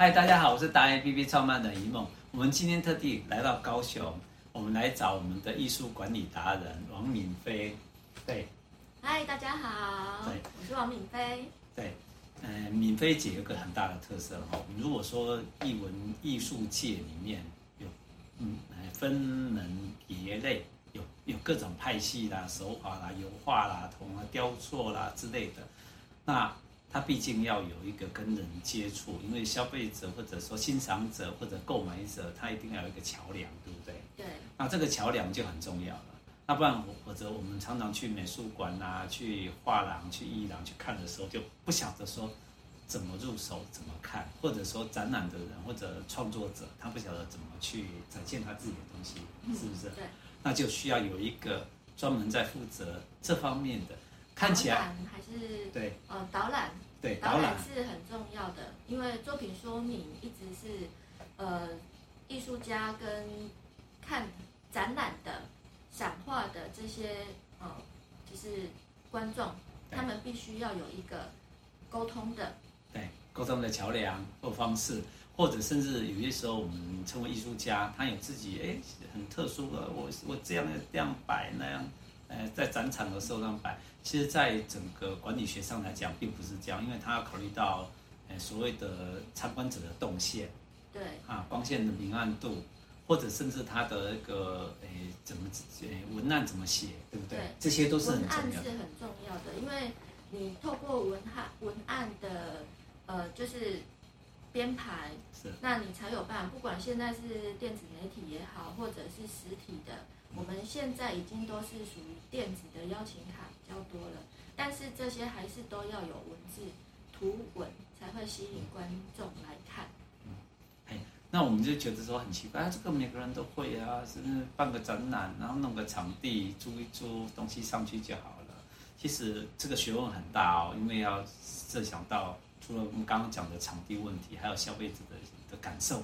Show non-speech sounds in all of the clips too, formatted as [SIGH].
嗨，Hi, 大家好，我是大 A P P 創辦的怡夢。我們今天特地來到高雄，我們來找我們的藝術管理達人王敏妃。對，嗨，大家好，對，我是王敏妃。對，呃敏妃姐有個很大的特色哈，如果說藝文藝術界裡面有嗯，分門別類，有有各種派系啦、手法啦、油畫啦、銅啊、雕塑啦之類的，那。它畢竟要有一個跟人接觸，因為消費者或者說欣賞者或者購買者，他一定要有一個橋樑，對不對？對。那這個橋樑就很重要了，那不然或者我們常常去美術館啊、去畫廊、去藝廊去看的時候，就不曉得說怎麼入手、怎麼看，或者說展覽的人或者創作者，他不曉得怎麼去展現他自己的東西，是不是？嗯、對。那就需要有一個專門在負責這方面的。看起來還是對，呃，導覽對，導覽是很重要的，因為作品說明一直是，呃，藝術家跟看展覽的賞畫的這些呃，就是觀眾，他們必須要有一個溝通的對，溝通的橋梁或方式，或者甚至有些時候我們稱為藝術家，他有自己哎、欸、很特殊的，我我這樣這樣，擺那樣。呃，在展場的時候讓擺其實，在整個管理學上來講，並不是這樣，因為它要考慮到，呃，所謂的參觀者的動線，對，啊，光線的明暗度，或者甚至它的那個，誒，怎麼，誒，文案怎麼寫，對不對？對這些都是很重要是很重要的，因為你透過文案文案的，呃，就是編排，是，那你才有辦法，不管現在是電子媒體也好，或者是實體的。我們現在已經都是屬於電子的邀請卡比較多了，但是這些還是都要有文字、圖文才會吸引觀眾來看。嗯，那我們就覺得說很奇怪，啊、這個每個人都會啊，是不是辦個展覽，然後弄個場地，租一租東西上去就好了。其實這個學問很大哦，因為要設想到除了我們剛剛講的場地問題，還有消費者的的感受，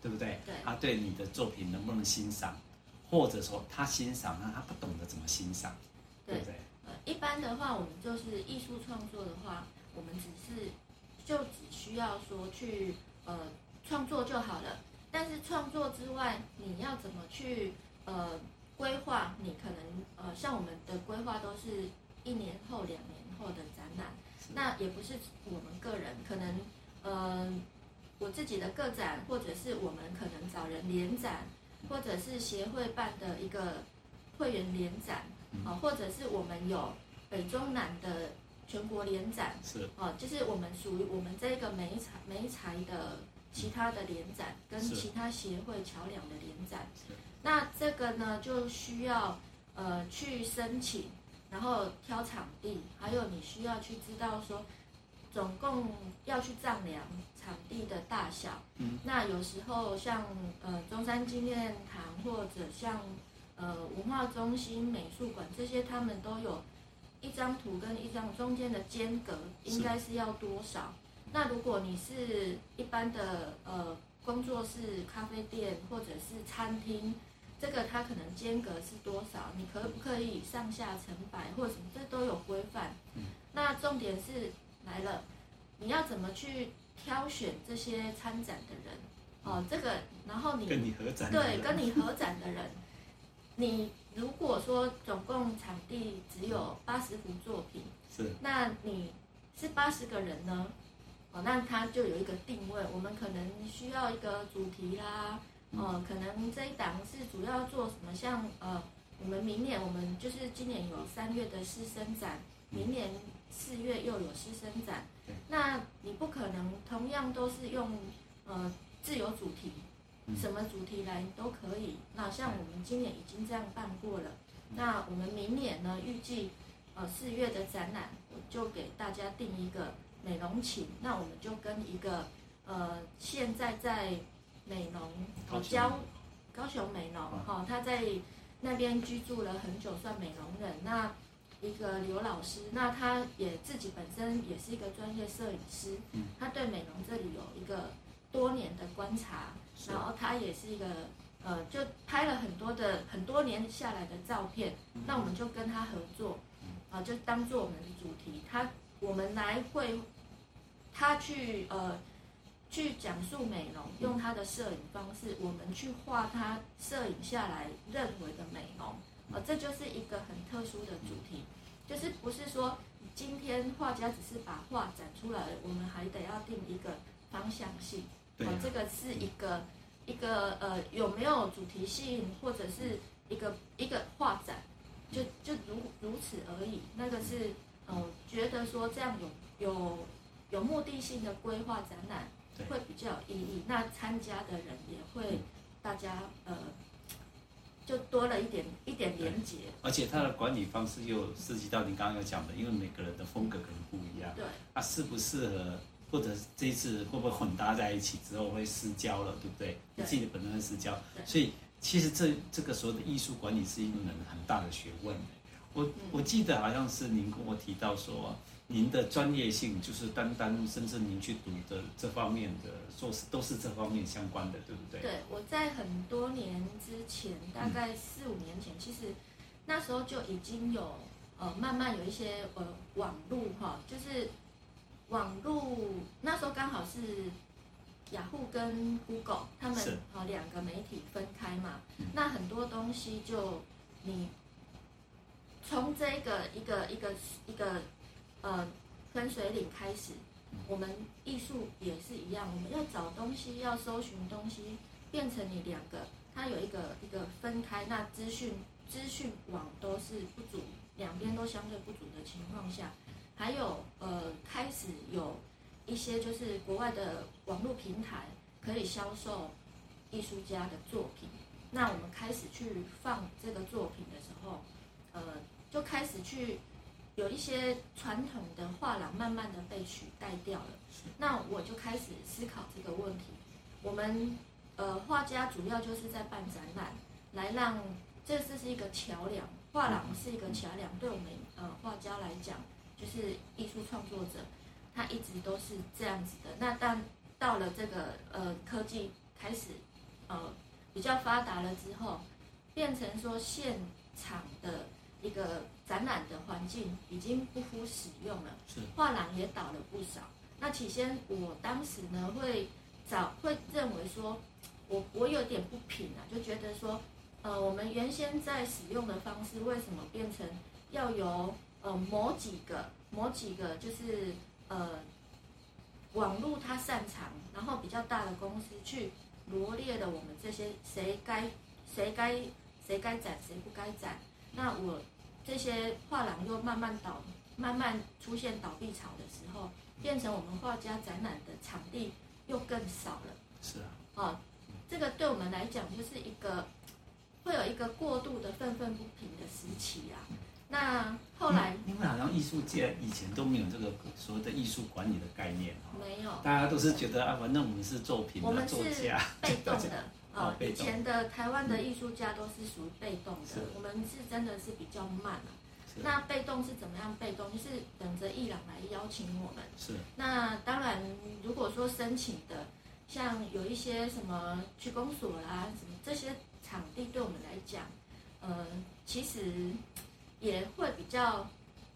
對不對？對，他、啊、對你的作品能不能欣賞？或者說他欣賞，那他不懂得怎麼欣賞，對，對不對？呃，一般的話，我們就是藝術創作的話，我們只是就只需要說去呃創作就好了。但是創作之外，你要怎麼去呃規劃？你可能呃，像我們的規劃都是一年後、兩年後的展覽。是那也不是我們個人，可能呃我自己的個展，或者是我們可能找人聯展。或者是協會辦的一個會員聯展，啊，或者是我們有北中南的全國聯展，是啊、哦，就是我們屬於我們這一個媒材媒材的其他的聯展，跟其他協會橋樑的聯展，是那這個呢就需要呃去申請，然後挑場地，還有你需要去知道說總共要去丈量。場地的大小，那有時候像呃中山紀念堂或者像呃文化中心美術館這些，他們都有一張圖跟一張中間的間隔，應該是要多少？是那如果你是一般的呃工作室、咖啡店或者是餐廳，這個它可能間隔是多少？你可不可以上下成擺或什麼？這都有規範。嗯，那重點是來了，你要怎麼去？挑選這些參展的人，哦、呃，這個，然後你跟你合展對跟你合展的人，你如果說總共場地只有八十幅作品，是，那你是八十個人呢？哦、呃，那他就有一個定位，我們可能需要一個主題啦、啊，哦、呃，可能這一檔是主要做什麼？像呃，我們明年我們就是今年有三月的師生展，明年。四月又有師生展，那你不可能同樣都是用呃自由主題，什麼主題來都可以。那像我們今年已經這樣辦過了，那我們明年呢預計呃四月的展覽，我就給大家定一個美濃寢。那我們就跟一個呃現在在美濃，高雄高雄美濃哈、哦，他在那邊居住了很久，算美濃人。那一個劉老師，那他也自己本身也是一個專業攝影師，他對美容這裡有一個多年的觀察，然後他也是一個呃，就拍了很多的很多年下來的照片，那我們就跟他合作，啊、呃，就當做我們的主題，他我們來會，他去呃去講述美容，用他的攝影方式，我們去畫他攝影下來認為的美容。哦，這就是一個很特殊的主題，就是不是說今天畫家只是把畫展出來，我們還得要定一個方向性。對。哦，這個是一個一個呃，有沒有主題性，或者是一個一個畫展，就就如如此而已。那個是呃，覺得說這樣有有有目的性的規劃展覽會比較有意義，那參加的人也會大家對呃。就多了一點一點連接，而且它的管理方式又涉及到您剛剛有講的，因為每個人的風格可能不一樣，對，對啊，適不適合，或者這一次會不會混搭在一起之後會失焦了，對不對？對你自己的本身會失焦，對，所以其實這這個時候的藝術管理是一門很大的學問。我我記得好像是您跟我提到說。您的專業性就是單單甚至您去讀的這方面的碩士，都是這方面相關的，對不對？對，我在很多年之前，大概四五年前，嗯、其實那時候就已經有呃，慢慢有一些呃，網絡哈、哦，就是網絡那時候剛好是雅虎、ah、跟 Google 他們好是、哦、兩個媒體分開嘛，那很多東西就你從這個一個一個一個。一個一個呃，分水嶺開始，我們藝術也是一樣，我們要找東西，要搜尋東西，變成你兩個，它有一個一個分開，那資訊資訊網都是不足，兩邊都相對不足的情況下，還有呃，開始有一些就是國外的網絡平台可以銷售藝術家的作品，那我們開始去放這個作品的時候，呃，就開始去。有一些傳統的畫廊慢慢的被取代掉了，那我就開始思考這個問題。我們呃畫家主要就是在辦展覽，來讓這是一個橋梁，畫廊是一個橋梁，對我們呃畫家來講，就是藝術創作者，他一直都是這樣子的。那但到了這個呃科技開始呃比較發達了之後，變成說現場的。一個展覽的環境已經不敷使用了，畫廊也倒了不少。那起先我當時呢會找會認為說，我我有點不平啊，就覺得說，呃，我們原先在使用的方式為什麼變成要由呃某幾個某幾個就是呃網絡他擅長，然後比較大的公司去羅列的我們這些誰該誰該誰該展，誰不該展。那我這些畫廊又慢慢倒，慢慢出現倒閉潮的時候，變成我們畫家展覽的場地又更少了。是啊，啊、哦，這個對我們來講就是一個會有一個過度的憤憤不平的時期啊。那後來因為、嗯、好像藝術界以前都沒有這個所謂的藝術管理的概念、嗯哦、沒有，大家都是覺得對啊，反正我們是作品，我們是作家被動的。 [LAUGHS] 哦、以前的台灣的藝術家都是屬於被動的，嗯、我們是真的是比較慢、啊。是那被動是怎麼樣被動？就是等着藝廊來邀請我們。是。那當然，如果說申請的，像有一些什麼區公所啦，什麼這些場地，對我們來講，呃，其實也會比較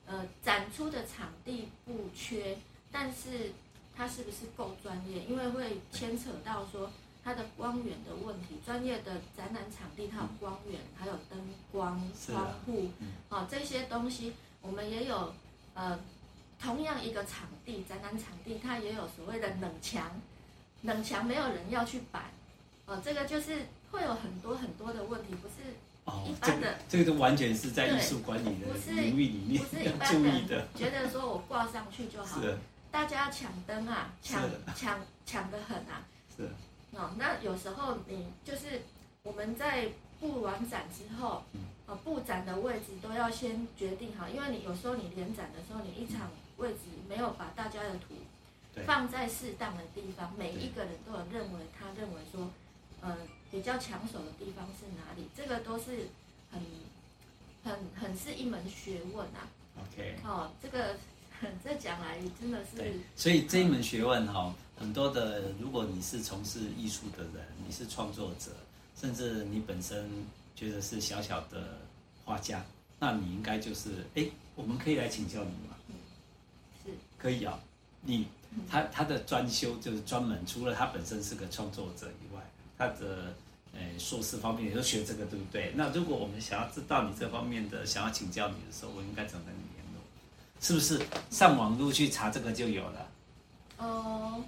呃，展出的場地不缺，但是它是不是夠專業？因為會牽扯到說。它的光源的問題，專業的展覽場地，它有光源、嗯、還有燈光、窗戶、啊，啊、嗯哦，這些東西我們也有。呃，同樣一個場地，展覽場地它也有所謂的冷牆，冷牆沒有人要去擺、哦，這個就是會有很多很多的問題，不是一般的。哦、這個都、這個、完全是在藝術管理的領域裡面要注意的。的覺得說我掛上去就好，啊、大家要搶燈啊，搶搶搶的很啊。是啊。哦，那有時候你就是我們在布完展之後，啊、哦，布展的位置都要先決定好，因為你有時候你連展的時候，你一場位置沒有把大家的圖放在適當的地方，對每一個人都有認為，他認為說，呃，比較搶手的地方是哪裡，這個都是很很很是一門學問啊。OK，哦，這個。這講來真的是對，所以這一門學問哈，很多的，如果你是從事藝術的人，你是創作者，甚至你本身覺得是小小的畫家，那你應該就是，哎，我們可以來請教你嗎？是，可以啊、哦。你他他的專修就是專門，除了他本身是個創作者以外，他的、呃、碩士方面也都學這個，對不對？那如果我們想要知道你這方面的，想要請教你的時候，我應該怎麼跟你？是不是上網路去查這個就有了？哦、呃，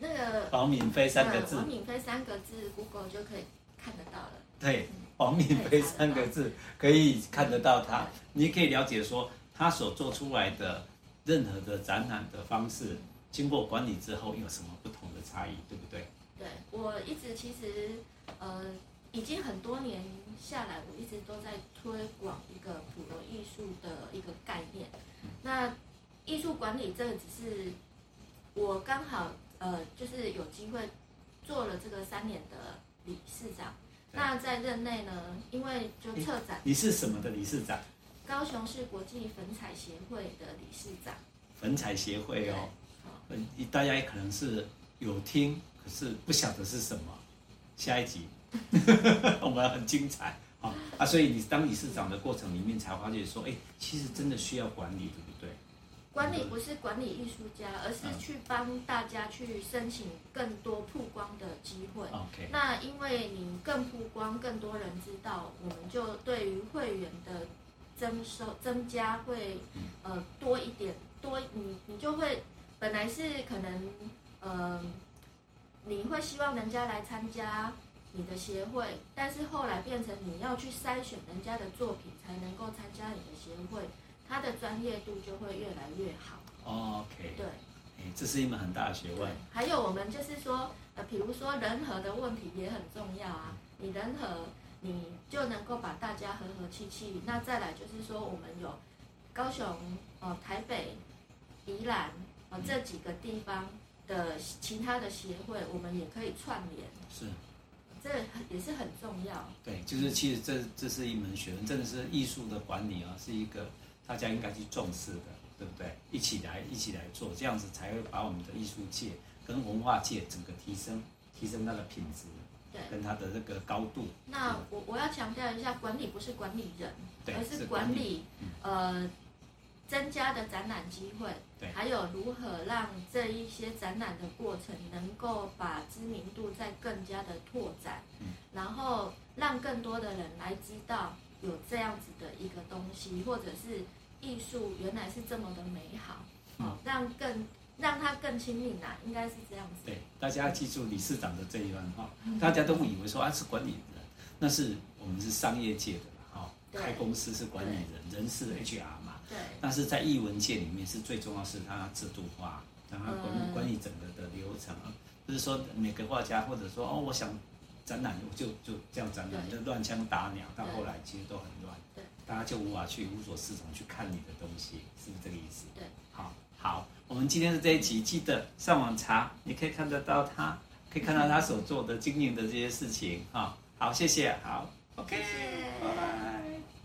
那個王敏妃三個字，王、嗯、敏妃三個字，Google 就可以看得到了。對，王敏妃三個字可以看得到他。嗯、可到你可以了解說他所做出來的任何的展覽的方式，經過管理之後有什麼不同的差異，對不對？對，我一直其實呃。已經很多年下來，我一直都在推廣一個普羅藝術的一個概念。那藝術管理，這個只是我剛好呃，就是有機會做了這個三年的理事長。對那在任內呢，因為就策展，欸、你是什麼的理事長？高雄市國際粉彩協會的理事長。粉彩協會哦，嗯，哦、大家可能是有聽，可是不曉得是什麼。下一集。 [LAUGHS] 我們很精彩啊！所以你當理事長的過程裡面，才發覺說，哎、欸，其實真的需要管理，對不對？管理不是管理藝術家，而是去幫大家去申請更多曝光的機會。Okay. 那因為你更曝光，更多人知道，我們就對於會員的增收增加會、呃、多一點多。你你就會本來是可能嗯、呃，你會希望人家來參加。你的協會，但是後來變成你要去篩選人家的作品才能夠參加你的協會，他的專業度就會越來越好。Oh, OK，對，這是一門很大的學問。還有我們就是說，呃，比如說人和的問題也很重要啊。你人和，你就能夠把大家和和氣氣。那再來就是說，我們有高雄、呃、台北、宜蘭、呃、這幾個地方的其他的協會，嗯、我們也可以串聯。是。這也是很重要。對，就是其實這這是一門學問，真的是藝術的管理啊、哦，是一個大家應該去重視的，對不對？一起來，一起來做，這樣子才會把我們的藝術界跟文化界整個提升，提升它的品質，對跟它的那個高度。那我我要強調一下，管理不是管理人，對而是管理，嗯、呃。增加的展覽機會，對還有如何讓這一些展覽的過程能夠把知名度再更加的拓展，嗯、然後讓更多的人來知道有這樣子的一個東西，或者是藝術原來是這麼的美好，嗯、讓更讓他更親密啦，應該是這樣子。對，大家要記住理事長的這一段話，哦，大家都誤以為說啊是管理人，嗯、那是我們是商業界的，哦、對開公司是管理人，對人事的 HR。對，但是在藝文界裡面是最重要，是它制度化，讓它管管理整個的流程，不是、嗯、說每個畫家或者說哦，我想展覽我就就這樣展覽，對就亂槍打鳥，到後來其實都很亂，對，大家就無法去無所適從去看你的東西，是不是這個意思？對，好，好，我們今天的這一集記得上網查，你可以看得到他，可以看到他所做的經營的這些事情啊，嗯、好，謝謝，好，謝謝好，OK，拜拜。